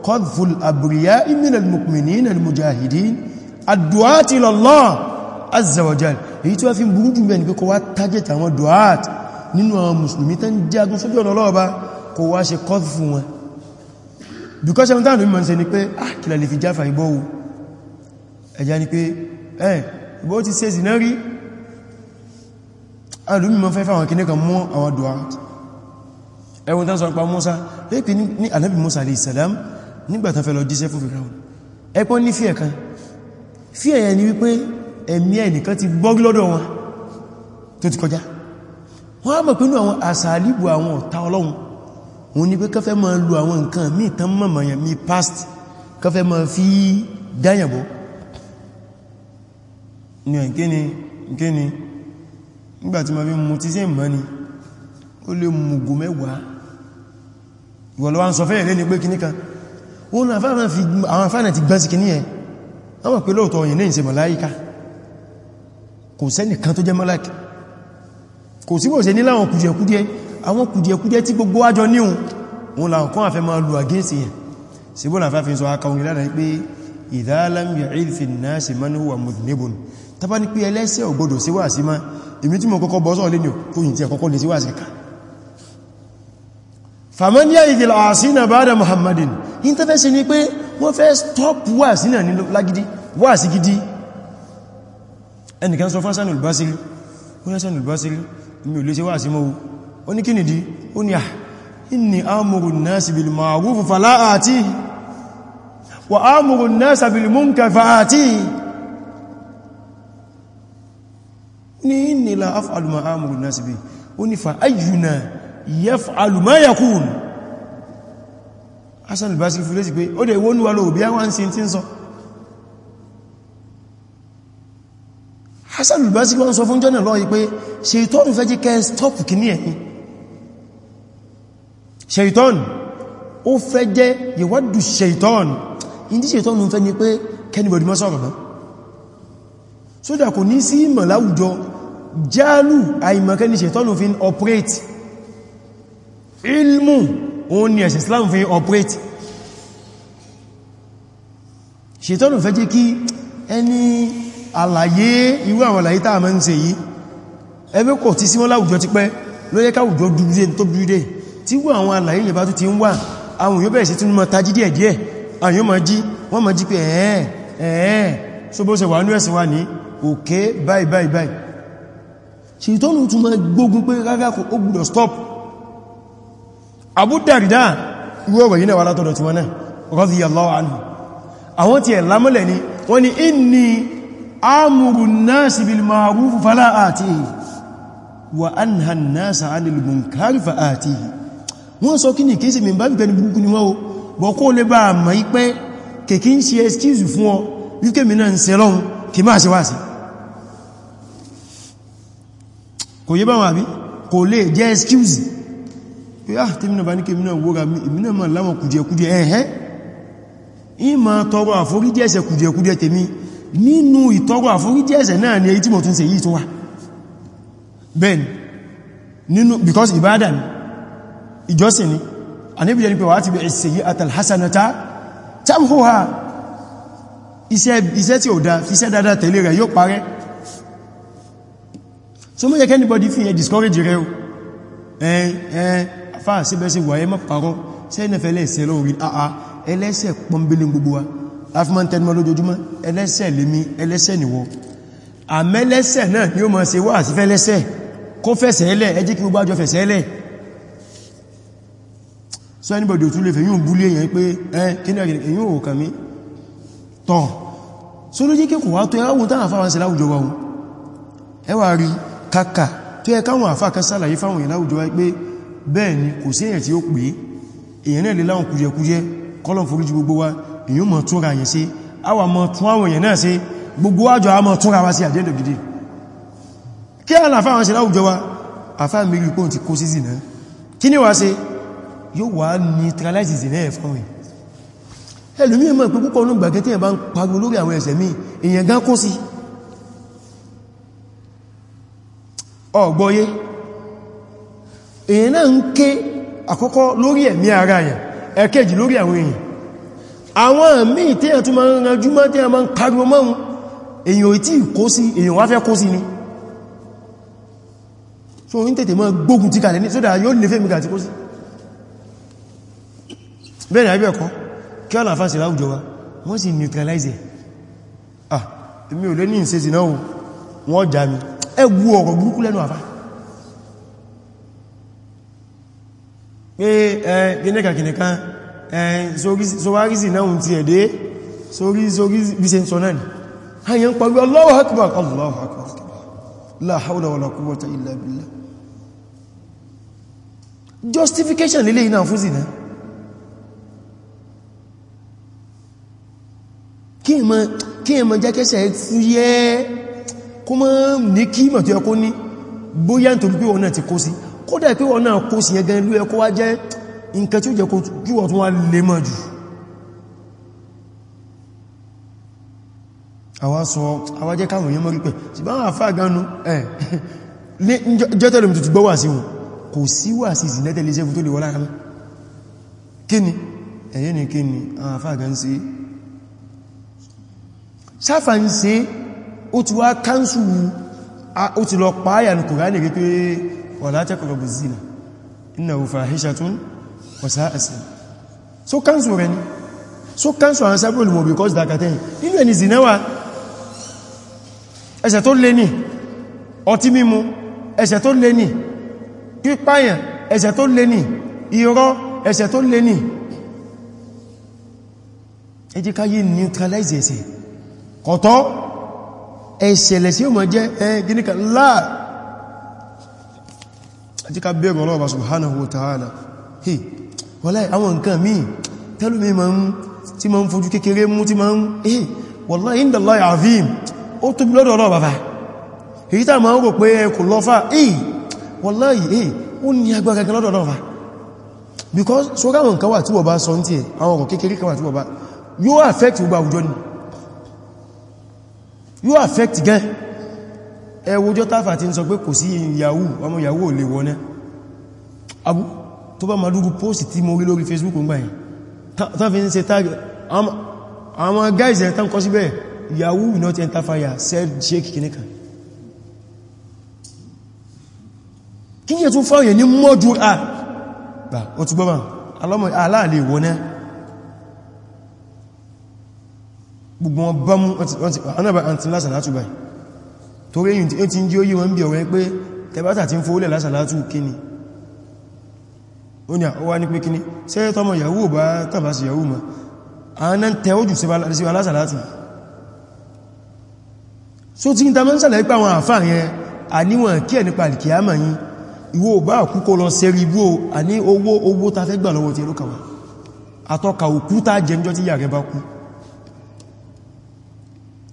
kọ́dífù al-abriya'i min al-mu'minin al-mujahidin ad-du'at ila Allah azza wa jal èyí tí wá fi burú jù kò wá ṣe kọ́dù fún wọn because ẹmọ́ tánà mímọ̀ ṣe ni pé ah kìlà lè fi jáfà ìbọ́ o ẹ̀yà ni pé ẹ̀ eh, ìbọ́ ti ṣe zìnà rí alùmímọ̀ fẹ́ fáwọn kìnnì kan mọ́ àwọn dùwà ẹwọ́n tán sọ pa Musa lẹ́pẹ́ ní anábì Musa alayhi salam nígbàtán fẹ́ lọ jíṣẹ́ fún Firaun ẹpọ́ ní fíẹ̀ kan fíẹ̀ yẹn ni wípé ẹ̀mí ẹnìkan ti bọ́gí lọ́dọ̀ wọn tó ti kọjá wọ́n á mọ̀ pínú àwọn àsàlíbù àwọn ọ̀tá Ọlọ́run òun ni pé kọfẹ́ ma lo àwọn nǹkan mí tán mọ̀mọ̀ yẹn mi past kọfẹ́ ma fi dáyàbọ̀ Ni ẹ̀kíni kíni nígbàtí ma fi mú tí sí ìmọ̀ ni ó lè mùgù mẹ́wàá ìwọ̀lọ́wà ń sọ fẹ́yẹ̀ lé ní pé kíníkan ó na fáànà ti gbáǹsì kíní ẹ̀ ọmọ pé lóòtọ́ òyìn lẹ́yìn ṣe màláíkà kò sẹ́nìkan tó jẹ́ màláíkà kò síbò ṣe níláwọn kùjẹ̀kújẹ́ àwọn kùdìẹ̀kùdìẹ̀ tí gbogbo àjọ níhun òun làwọn kan àfẹ́ máa lù àgínsì yẹn síbò làfẹ́ fi ń sọ akàwọn ìlànà pé ìdálam ya'id fi nasi man huwa mudhnibun tàbá ní pé ẹlẹ́sẹ̀ ò gbọdọ̀ sí wà sí má èmi tí mo kọ́kọ́ ní tó yìí asina ba'da muhammadin in tẹ́fẹ́ sí ni pé wọ́n fẹ́ stop wà sí náà nílò lágidi wà sí gidi ẹnìkan sọ fún Hasan ó ní kínìdí ó ní à ah, inni amuru nasi bil ma'ruf fala ati wa amuru nasi bil munkar fa ati ní inni la af'alu ma amuru nasi bi ó ní fa ayyuna yaf'alu ma yakun asan albasi fi lesi pé ó dẹ̀ wọ́n wà lóòbí àwọn sin tí ń sọ Hassan al wọ́n sọ fún jọ́nà lọ́yí pé ṣe ìtọ́nù fẹ́ jí kẹ́ stop kìí ẹ̀yìn ṣeìtọ́n ó fẹ́ jẹ́ yẹ̀wọ́dù ṣeìtọ́n in tí ṣeìtọ́n ń fẹ́ ni pé kẹ́nìbọ̀dì mọ́ sọ̀rọ̀ mọ́ sódà kò ní sí ìmọ̀ láwùjọ jálù àìmọ̀kẹ́ ni ṣeìtọ́n fi ń operate ilmu òun ni ẹ̀sìn Islam fi ń operate ṣeìtọ́n fẹ́ jẹ́ kí ẹni àlàyé irú àwọn àlàyé tàà mọ́ ń ṣe yìí ẹgbẹ́ kò tí sí wọ́n láwùjọ ti pẹ́ ló yẹ káwùjọ dúdé tó dúdé tí wọ́n àwọn àlàyé yẹ̀bá tó ti ń wà àwọn yóò bẹ̀rẹ̀ sí tún mọ́ tají díẹ̀ díẹ̀ àwọn yóò mọ́ jí wọ́n mọ́ jí pé ẹ̀ẹ́ ẹ̀ẹ́ so bó ṣe wà ní ẹ̀sìn wà ní òkè báyìí báyìí báyìí ṣètọ́nù tún mọ́ gbógun pé rárá kò ó gbúdọ̀ stop Abu Darda irú ọ̀rọ̀ wa anha nasa anil munkari atihi wọ́n sọ kí ní kí sí mìí bá bí pẹ̀lú burúkú ni wọ́n o bọ̀ kó lè bá àmà ipẹ́ kèkí ń ṣe excuse fún ọ wípé mi náà ń ṣe lọ́hun kì máa ṣe wá sí kò yé báwọn àbí kò lè jẹ́ excuse pé ah tí mìíràn bá ní kèmínà wóra mìíràn máa láwọn kùdìẹ̀kùdìẹ̀ ẹ̀hẹ́ ìmọ̀ tọrọ àforíjì ẹ̀ṣẹ̀ kùdìẹ̀kùdìẹ̀ tèmi nínú ìtọrọ àforíjì ẹ̀ṣẹ̀ náà ni èyí tí mo tún ṣe yìí tó wà bẹ́ẹ̀ nínú because ìbádà ni ìjọsìn ni àníbìjẹ́ ní pé wà ti bẹ̀rẹ̀ sí yí àtàlhásánátá tamhuha iṣẹ́ tí ó dá fi iṣẹ́ dáadáa tẹ̀lé rẹ̀ yóò parẹ́ so mọ́ yẹ kẹ́nìbọ́dí fi yẹ discourage rẹ̀ ẹn ẹn afá síbẹ̀sí wà ẹ mọ́ parọ́ sí ẹnẹ̀fẹ́ lẹ́ẹ̀sẹ̀ lórí àà ẹlẹ́sẹ̀ pọ̀mbélé gbogbo wa láfimọ́ tẹ́numọ́ lójoojúmọ́ ẹlẹ́sẹ̀ lèmi ẹlẹ́sẹ̀ nìwọ àmẹ́lẹ́sẹ̀ náà ni ó mọ́ ṣe wà sí fẹ́lẹ́sẹ̀ kó fẹ́sẹ̀ ẹlẹ́ ẹjí kí gbogbo àjọ fẹ́sẹ̀ ẹlẹ́ so anybody ò tún lè fẹ́ yíò búlé èyàn pé ẹ́ kíníkà èyàn ò kàmí tọ́ so ló jẹ́ kí kò wá tó ẹwọ́n tán àfáwọn sí láwùjọ wa ẹwà rí kàkà tó ẹ káwọn àfá kan sàlàyé fáwọn èyàn láwùjọ wa pé bẹ́ẹ̀ ni kò sí èyàn tí ó pé èyàn náà lè láwọn kùjẹkùjẹ kọ́lọ̀ foríjì gbogbo wa èyàn mọ̀ tún ra yẹn sí àwà mọ̀ tún àwọn èyàn náà sí gbogbo àjọ àmọ̀ tún ra wa sí àjẹ́dọ̀ gidi kí àlàfáwọn se láwùjọ wa àfá mi rí pọ́n ti kó sí zìnà kí ni wá yóò wá neutralize ìsìnà ẹ̀ fún rẹ̀ ẹlùmí ẹmọ́ pé púpọ̀ ní gbàgẹ́ tí ẹ bá ń pariwo lórí àwọn ẹ̀ṣẹ̀ míì èyàn gán kó sí ọgbọ́yé èyàn náà ń ké àkọ́kọ́ lórí ẹ̀mí ara yẹn ẹ̀kẹ́jì lórí àwọn èyàn àwọn míì tí ẹ̀ tún ma ń ranjú mọ́ tí ẹ ma ń pariwo mọ́un èyàn ìtí kó sí èyàn wá fẹ́ kó sí ni so ń tètè mọ́ gbógun ti kàlẹ̀ ní sódà yóò lè fẹ́ mi kà ti kó sí bẹ́ẹ̀rẹ̀ àbẹ́ ẹ̀kọ́ kí ọ̀là fásì láwùjọ wa wọ́n sì neutralize ah èmi ò lé ní ìsẹ́sì náà wọ́n já mi ẹgbù ọ̀rọ̀ burúkú lẹ́nu àfá pé ẹgbẹ́nẹ́kàkìnìkan sórísì náà ti ẹ̀dẹ́ sórí bí se ń sọ náà ni hanyar pàgbé Allahu akbar Allahu akbar la hawla wala quwwata justification lélẹ́yìn náà fún sí náà kí èmọ̀ jẹ́ kẹsẹ̀ fúyẹ́ kó mọ́ ní kí mọ̀ tí ọkó ní bóyá nítorí pé wọ́n náà ti kó sí kódà pé wọ́n náà kó sí ẹgan ló ẹkó wá jẹ́ nǹkan tí ó jẹ́ kó kí wọ́n tún wá lè mọ̀ jù àwa sọ àwa jẹ́ káwọn èèyàn mọ́ rí pẹ̀ tí bá wà fáà gánú ẹ̀ jẹ́tẹ̀lẹ̀ mìtútù gbọ́wà sí wọn kò sí wà sí ìsìnlẹ́tẹ̀lẹ́sẹ́fù tó lè wọ́n lára mọ́ kí ni ẹ̀yẹ́ sáfà ń ṣe ó ti wá káńsù ó ti lọ pàáyà ní kòránì rí pé wala taqrabu zina innahu fahishatun wa sa'a sabila so káńsù rẹ̀ ni so káńsù àwọn sábò olùmọ̀ because dákàtẹ́ nínú ẹni zina wa ẹ̀ṣẹ̀ tó lé ní ọtí mímu ẹ̀ṣẹ̀ tó lé ní pípàyàn ẹ̀ṣẹ̀ tó lé ní irọ́ ẹ̀ṣẹ̀ tó lé ní ẹ jẹ́ ká yí neutralize ẹ̀ṣẹ̀ kọ̀tọ́ ẹ̀ṣẹ̀lẹ̀ sí ọmọ jẹ́ ẹgbìnìkà láà àti ká bẹ̀rù ọlọ́ọ̀bá subhanahu wa ta'ala hì wọláì àwọn nǹkan míì tẹ́lùmí tí ma ń fojú kékeré mú tí ma ń hì wallahi inda Allahi azim ó tóbi lọ́dọ̀ ọlọ́ọ̀bá fa èyí tá ma ń rò pé ẹkù lọ́fà hì because so káwọn nǹkan wà tí wọ́n bá sọ ní tí ẹ̀ àwọn yóò affect gbogbo àwùjọ ni yóò affect gan ẹwọjọ́ tàfà ti ń sọ pé kò sí yahoo ọmọ yahoo lè wọ́n náà abu tó bá ma lúrú post tí mo rí lórí facebook ń gbáyìn tán fi ń ṣe tag àwọn guys ẹ̀ tán kọ síbẹ̀ yahoo will not enter fire said sheik kìníkà kí yẹ tún fáwọn yẹ ní mọ́dúrà gbà ó túnbọ́ bá aláàlè wọ́n náà gbogbo wọn bá mú anábà àti lásàlátù báyìí torí èyí tí ń jí ó yí wọn bí ọ̀rẹ́ pé tẹbátà ti ń fóólẹ̀ lásàlátù kíni ó ní àwọ́wá ní pé kíni ṣe tọmọ yàwó bá tàbá sí yàwó ma aná tẹ ó jù sí wa lásàlátù so ti ń ta mọ́n sàlẹ̀ pàwọn àfáà yẹn àníwọ̀n kí ẹ̀ nípa alìkìyàmà yìí ìwọ bá àkúkọ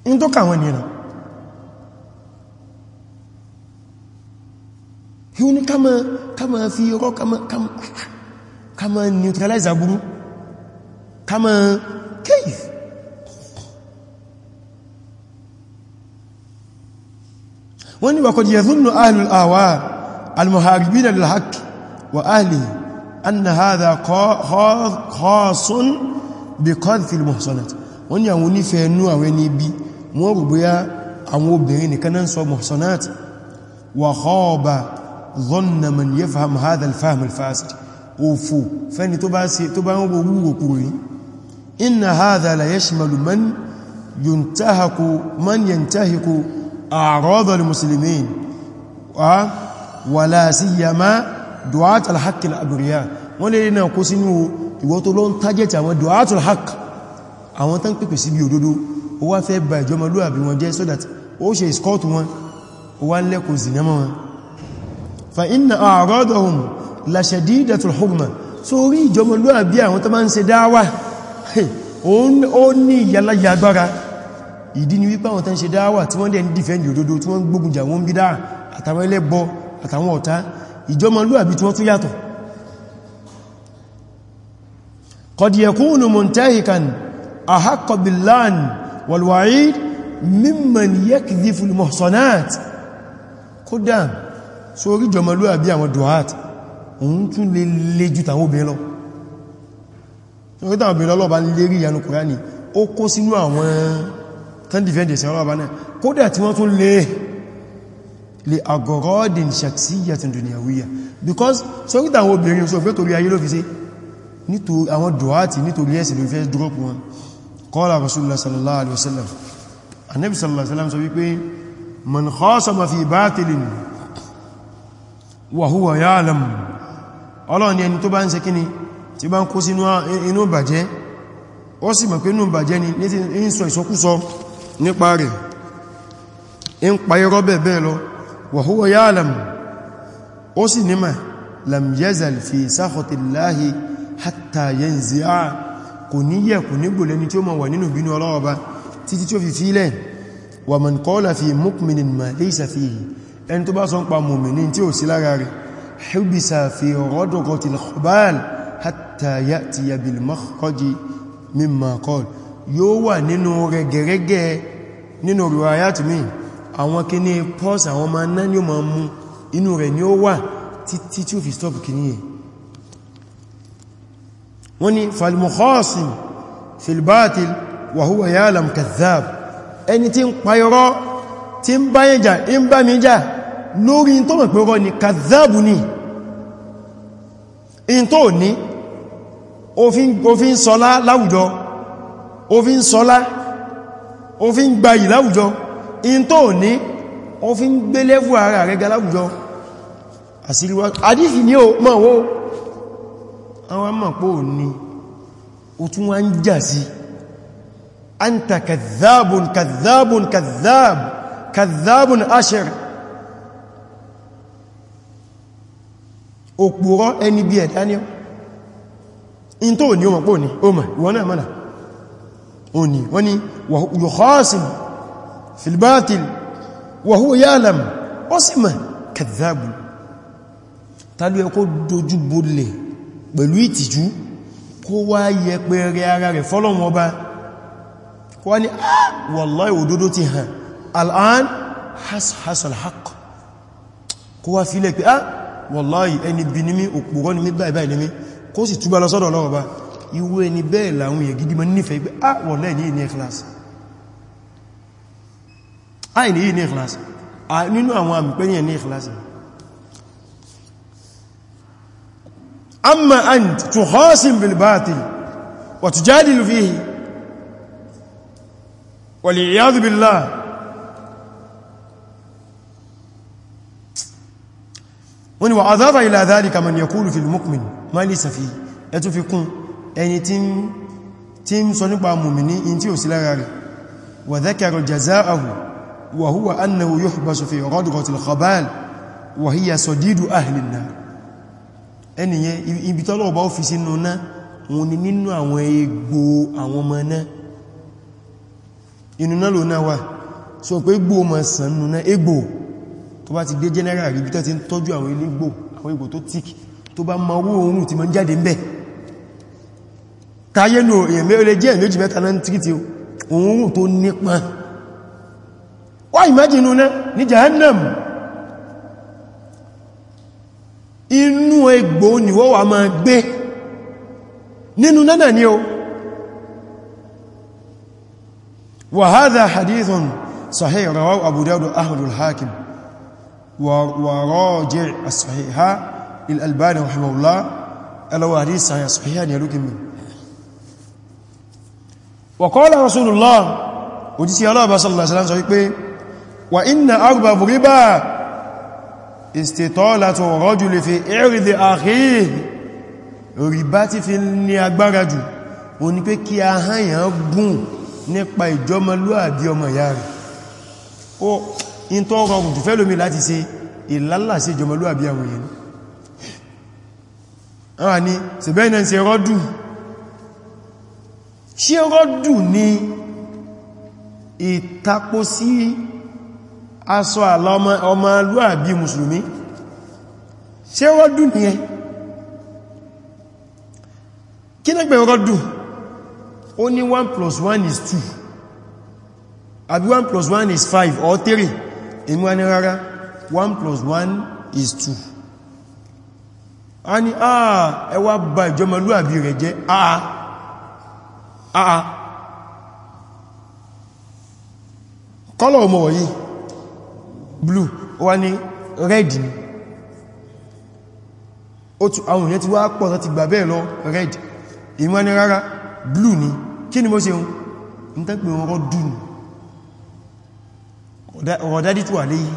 in tó kàwọn ènìyàn yíò ní ká ma fi rọ́ ká ma neutralize agbúrú ká ma kéyìí wọ́n ni wàkọ̀dì yẹ̀zúnnù ahlul àwà al-muharibina lil haqq wa ahlihi anna hadha khasun bi qadhfi al-muhsanat wọ́n ni àwọn onífẹ́ ẹnu àwọn ẹni bí wọ́n rò bóyá àwọn obìnrin nìkan náà sọ muhsanat wa khaba dhanna man yafham hadha al-fahm al-fasid òfò fẹ́ni tó bá ṣe tó bá ń wo wúwo kúrò yìí inna hadha la yashmalu man yuntahaku man yantahiku a'rada al-muslimin wala siyama du'at al-haqq al wọ́n lè náà kó sínú ìwọ́ tó lọ ń tájẹ̀tì àwọn du'at al àwọn tán pèpè sí bí òdodo ó wá fẹ́ bà ìjọmọlúwàbí wọn jẹ́ so that ó ṣe escort wọn ó wá lẹ́kùn zì náà wọn fa inna a'radahum la shadidatul hurma so rí ìjọmọlúwàbí àwọn tó máa ń ṣe dáwà ó ní ìyàláyà agbára ìdí ni wípé àwọn tó ń ṣe dáwà tí wọ́n dẹ̀ ń dìfẹ́ndì òdodo tí wọ́n gbógun والوعيد ممن يكذف المحصنات kódà sórí jọmọlúwàbí àwọn duhat òun tún lè lè jù tàwọn obìnrin lọ sórí tàwọn obìnrin lọ́lọ́bá lérí ìyanu kòránì ó kó sínú àwọn tán dìfẹ́ndì sí ọlọ́bá náà kódà tí wọ́n tún lè lè agọ́rọ́dìn shakhsiyyatin dunyawiyya because sórí tàwọn obìnrin sọ pé torí ayé ló fi ṣe nítorí àwọn duhat nítorí ẹ̀sìn ló fẹ́ drop wọn qala rasulullah sallallahu alaihi wasallam annabi sallallahu alaihi wasallam sọ wípé man khasama fi batilin wa huwa ya'lam ọlọ́ni ẹni tó bá ń ṣe kíni tí bá ń kó sínú inú bàjẹ́ ó sì mọ̀ pé inú bàjẹ́ ni ní ti ń sọ ìsọkúsọ nípa rẹ̀ ń pa irọ́ bẹ́ẹ̀ bẹ́ẹ̀ lọ wa huwa ya'lam ó sì nímà lam yazal fi sakhatillahi hatta yanzi'a kò ní yẹ̀ kò ní gbò lẹ́ni tí ó ma wà nínú ìbínú Ọlọ́run Ọba títí tí ó fi fílẹ̀ wa man qala fi mu'minin ma laysa fihi ẹni tó bá sọ ń pa mùmìnín tí ó sí lára rẹ̀ hubisa fi radqatil khubal hatta ya'tiya bil makhraji mimma qala yóò wà nínú rẹ̀gẹ̀rẹ̀gẹ̀ nínú wọ́n ni falmukhasim filbatil wa huwa ya'lam kadhdhab ẹni tí ń payọrọ tí ń báyẹ̀ jà ń bá mi jà lórí tó mọ̀ pẹ̀rọ ni kadhdhab ni in tó ní òfin sọlá láwùjọ òfin sọlá òfin gbayì láwùjọ in tó ní òfin gbélẹ́fù ara rẹ̀ ga láwùjọ àwọn mọ̀pọ̀ ní o tún wá ń jà sí anta kàzábùn kàzábùn kàzábùn kàzábùn ashir òpùrọ́ ẹni bí ẹ̀dá ní ọ́ in tó ní o mọ̀pọ̀ ní o mọ̀ ìwọ̀n náà mọ́nà o ní wọ́n ni yukhasim fil batil wa huwa ya'lam mọ̀ kàzábùn tàbí ẹkọ́ dojú bolẹ̀ pẹ̀lú ìtìjú kó wá yẹpẹrẹ ara rẹ̀ fọ́lọ́run ọba kó wá ní ah, wallahi òdodo ti hàn al'an hasal haqq kó wá fílẹ̀ pé ah wallahi ẹni bí ními òpùrọ́ ni mí báyìí ními kó sì túbà lọ sọ́dọ̀ Ọlọ́run ọba ìwé ẹni bẹ́ẹ̀ làwọn èèyàn gidi mọ́ nífẹ̀ẹ́ ah, أما أنت تخاصم بالباطل وتجادل فيه والعياذ بالله وعذاب إلى ذلك من يقول في المؤمن ما ليس فيه يتفقون أن تيم صنبع مؤمنين إن تيو سلاري وذكر جزاءه وهو أنه يحبس في غدرة الخبال وهي صديد أهل النار ẹniyẹn ibi tọ́lọ̀ bá fi sínú náà wọn ni nínú àwọn egbò àwọn ọmọ náà inú náà ló náà wà so pé gbò mọ̀ sànnù náà egbò tó bá ti dé general rí bítọ́ ti ń tọ́jú àwọn ilégbò àwọn egbò tó tík tó bá ma owó oòrùn ti mọ́ jáde ńbẹ̀ káyé nù èèyàn mẹ́rẹ́lẹ́ jẹ́ méjì mẹ́ta náà inú egbò ni wọ́n wà máa gbé nínú náà ni o wa hadha hadithun sahih rawahu abu dawud ahmadul hakim wa raji' as-sahiha lil albani rahimahullah alawa hadith sahih sahiha ni alukin min wa qala rasulullah òjísí aláàbá sallallahu sọ wípé wa inna arba riba istitalatu rajuli fi irdi akhihi rìbá tí fi ní agbára jù o ní pé kí ahányàn gùn nípa ìjọmọlúàbí ọmọ ìyá rẹ̀ ó in tó rọrùn jù fẹ́lómi láti ṣe ìlàlà sí ìjọmọlúàbí àwọn èèyàn ara ni ṣẹ̀bẹ́ẹ̀nà ṣe rọ́dù ṣe rọ́dù ni ìtapó sí aṣọ àlà ọmọ alúàbí mùsùlùmí ṣe rọ́dù ní ẹ kí ní pẹ̀ rọ́dù ó ní 1 plus 1 is 2 àbí 1 plus 1 is 5 or 3 èmú wani rárá 1 plus 1 is 2 a ní àà ah, ẹwà bá ìjọmọlúàbí rẹ̀ jẹ́ àà àà kọ́lọ̀ ọmọ wọ̀nyìí blue ó wá ní red ni ó tún àwọn èèyàn ti wá pọ̀ láti gbà bẹ́ẹ̀ lọ red ìmọ́ ni rárá blue ni kí ni mo ṣe hun ní tẹ́pẹ̀ ọ̀rọ̀ dùn ọ̀rọ̀ dájí tó wà léyìí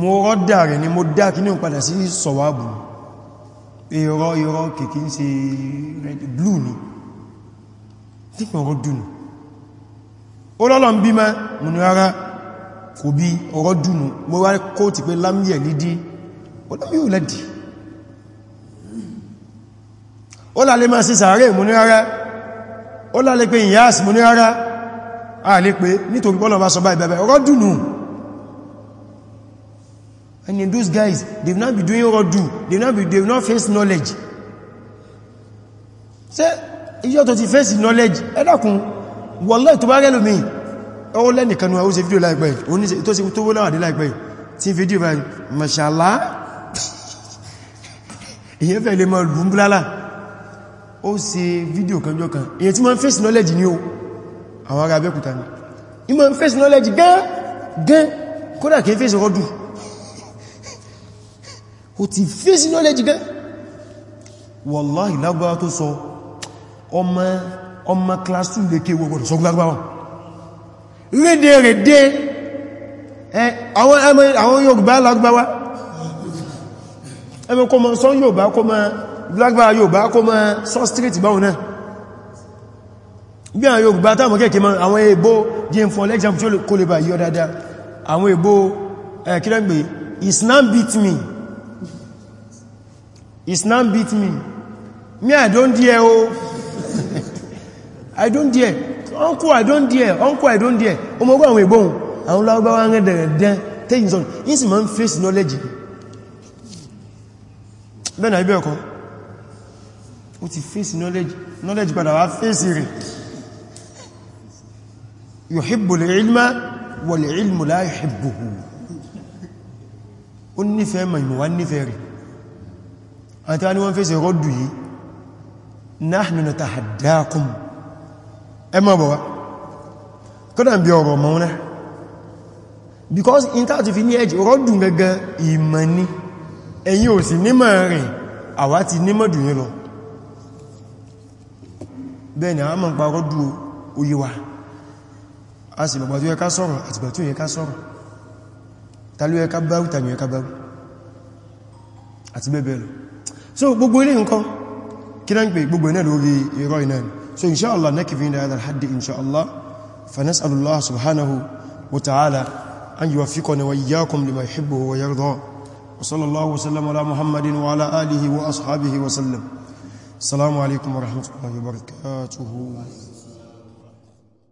mo rọ́dà rẹ̀ ni mo dá kí ní padà sí sọ̀wábù ìrọ̀ ìrọ̀ kìkí ń ṣe red blue ni tẹ́pẹ̀ ọ̀rọ̀ dùn olọ́lọ́n bí ma múnú ara kò bí ọ̀rọ̀ dùnú mo wá kó ti pé lámíẹ̀ lídí olómi ò lẹ́dì ó lálé máa sí sàárè múnú ara ó lálé pé ìyáàsì múnú ara a lè pé nítorí bọ́lọ̀ and those guys they will not be doing ọ̀rọ̀ they will not they will not face knowledge ṣe ijọ́ tó ti face knowledge ẹ dákun wallahi tó bá rẹ̀ lómi ó lẹ́nìkan ní àwọn fídíò láìpẹ́ tó sì tó wọ́n láwàdí láìpẹ́ tí fídíò bá mọ̀ṣàlá ìyẹ́ fẹ́ lè mọ̀ lùmbúlálà ó ṣe fídíò kanjọ́ kan èyẹ tí ma ń face knowledge ní o àwọn ará Abẹ́òkúta ni i ma ń face knowledge gan gan kódà kí n face rọ́dù ó ti face knowledge gan wallahi lágbára tó sọ ọmọ ọmọ class 2 lè kéwọ gbọdọ̀ sọ gbogbo rédé rédé àwọn Yorùbá lágbàwá ẹmọ kó mọ sọ Yorùbá kó mọ lágbàwá Yorùbá kó mọ sọ street báwọn náà bí àwọn Yorùbá táwọn kẹ́kẹ́ mọ́ àwọn èbó jẹ́ fún ọlẹ́gbẹ̀m tí ó kó lè bá yọ dáadáa àwọn èbó kílẹ̀gbẹ̀ Islam beat me Islam beat me me I don't dare o I don't dare uncle I don't dare uncle I don't dare ọmọ ọgbọ́ àwọn ìbọn àwọn lágbà wá rẹ̀ dẹ̀rẹ̀dẹ̀n tẹ́yìn sọ yìí sì máa ń face knowledge bẹ́ẹ̀nà ibẹ̀ ọkọ̀ ó ti face knowledge knowledge padà wa face rẹ̀ yuhibbul ilma wal ilmu la yuhibbuhu ó nífẹ̀ẹ́ mọ̀ ìmọ̀ wá nífẹ̀ẹ́ rẹ̀ àti wá ní wọ́n fèsì rọ́dù yìí nahnu natahaddakum ẹ mọ́ bọ̀ wá bí ọ̀rọ̀ mọ́ náà because in ta ti fi ní ẹjì rọ́dùn gangan ìmọ̀ ni ẹ̀yin ò sì nímọ̀ rìn àwa ti nímọ̀ dùn yín lọ bẹ́ẹ̀ni a mọ̀ pa rọ́dù oyé wa a sì bàbá tó yẹ ká àti bàbá tó yẹ so gbogbo ilé nǹkan kí náà ń pè شاء الله inshallah nakif هذا الحد إن شاء الله فنسأل الله سبحانه وتعالى أن يوفقنا وإياكم لما يحبه ويرضى وصلى الله وسلم على محمد وعلى آله وأصحابه وسلم السلام عليكم ورحمة الله وبركاته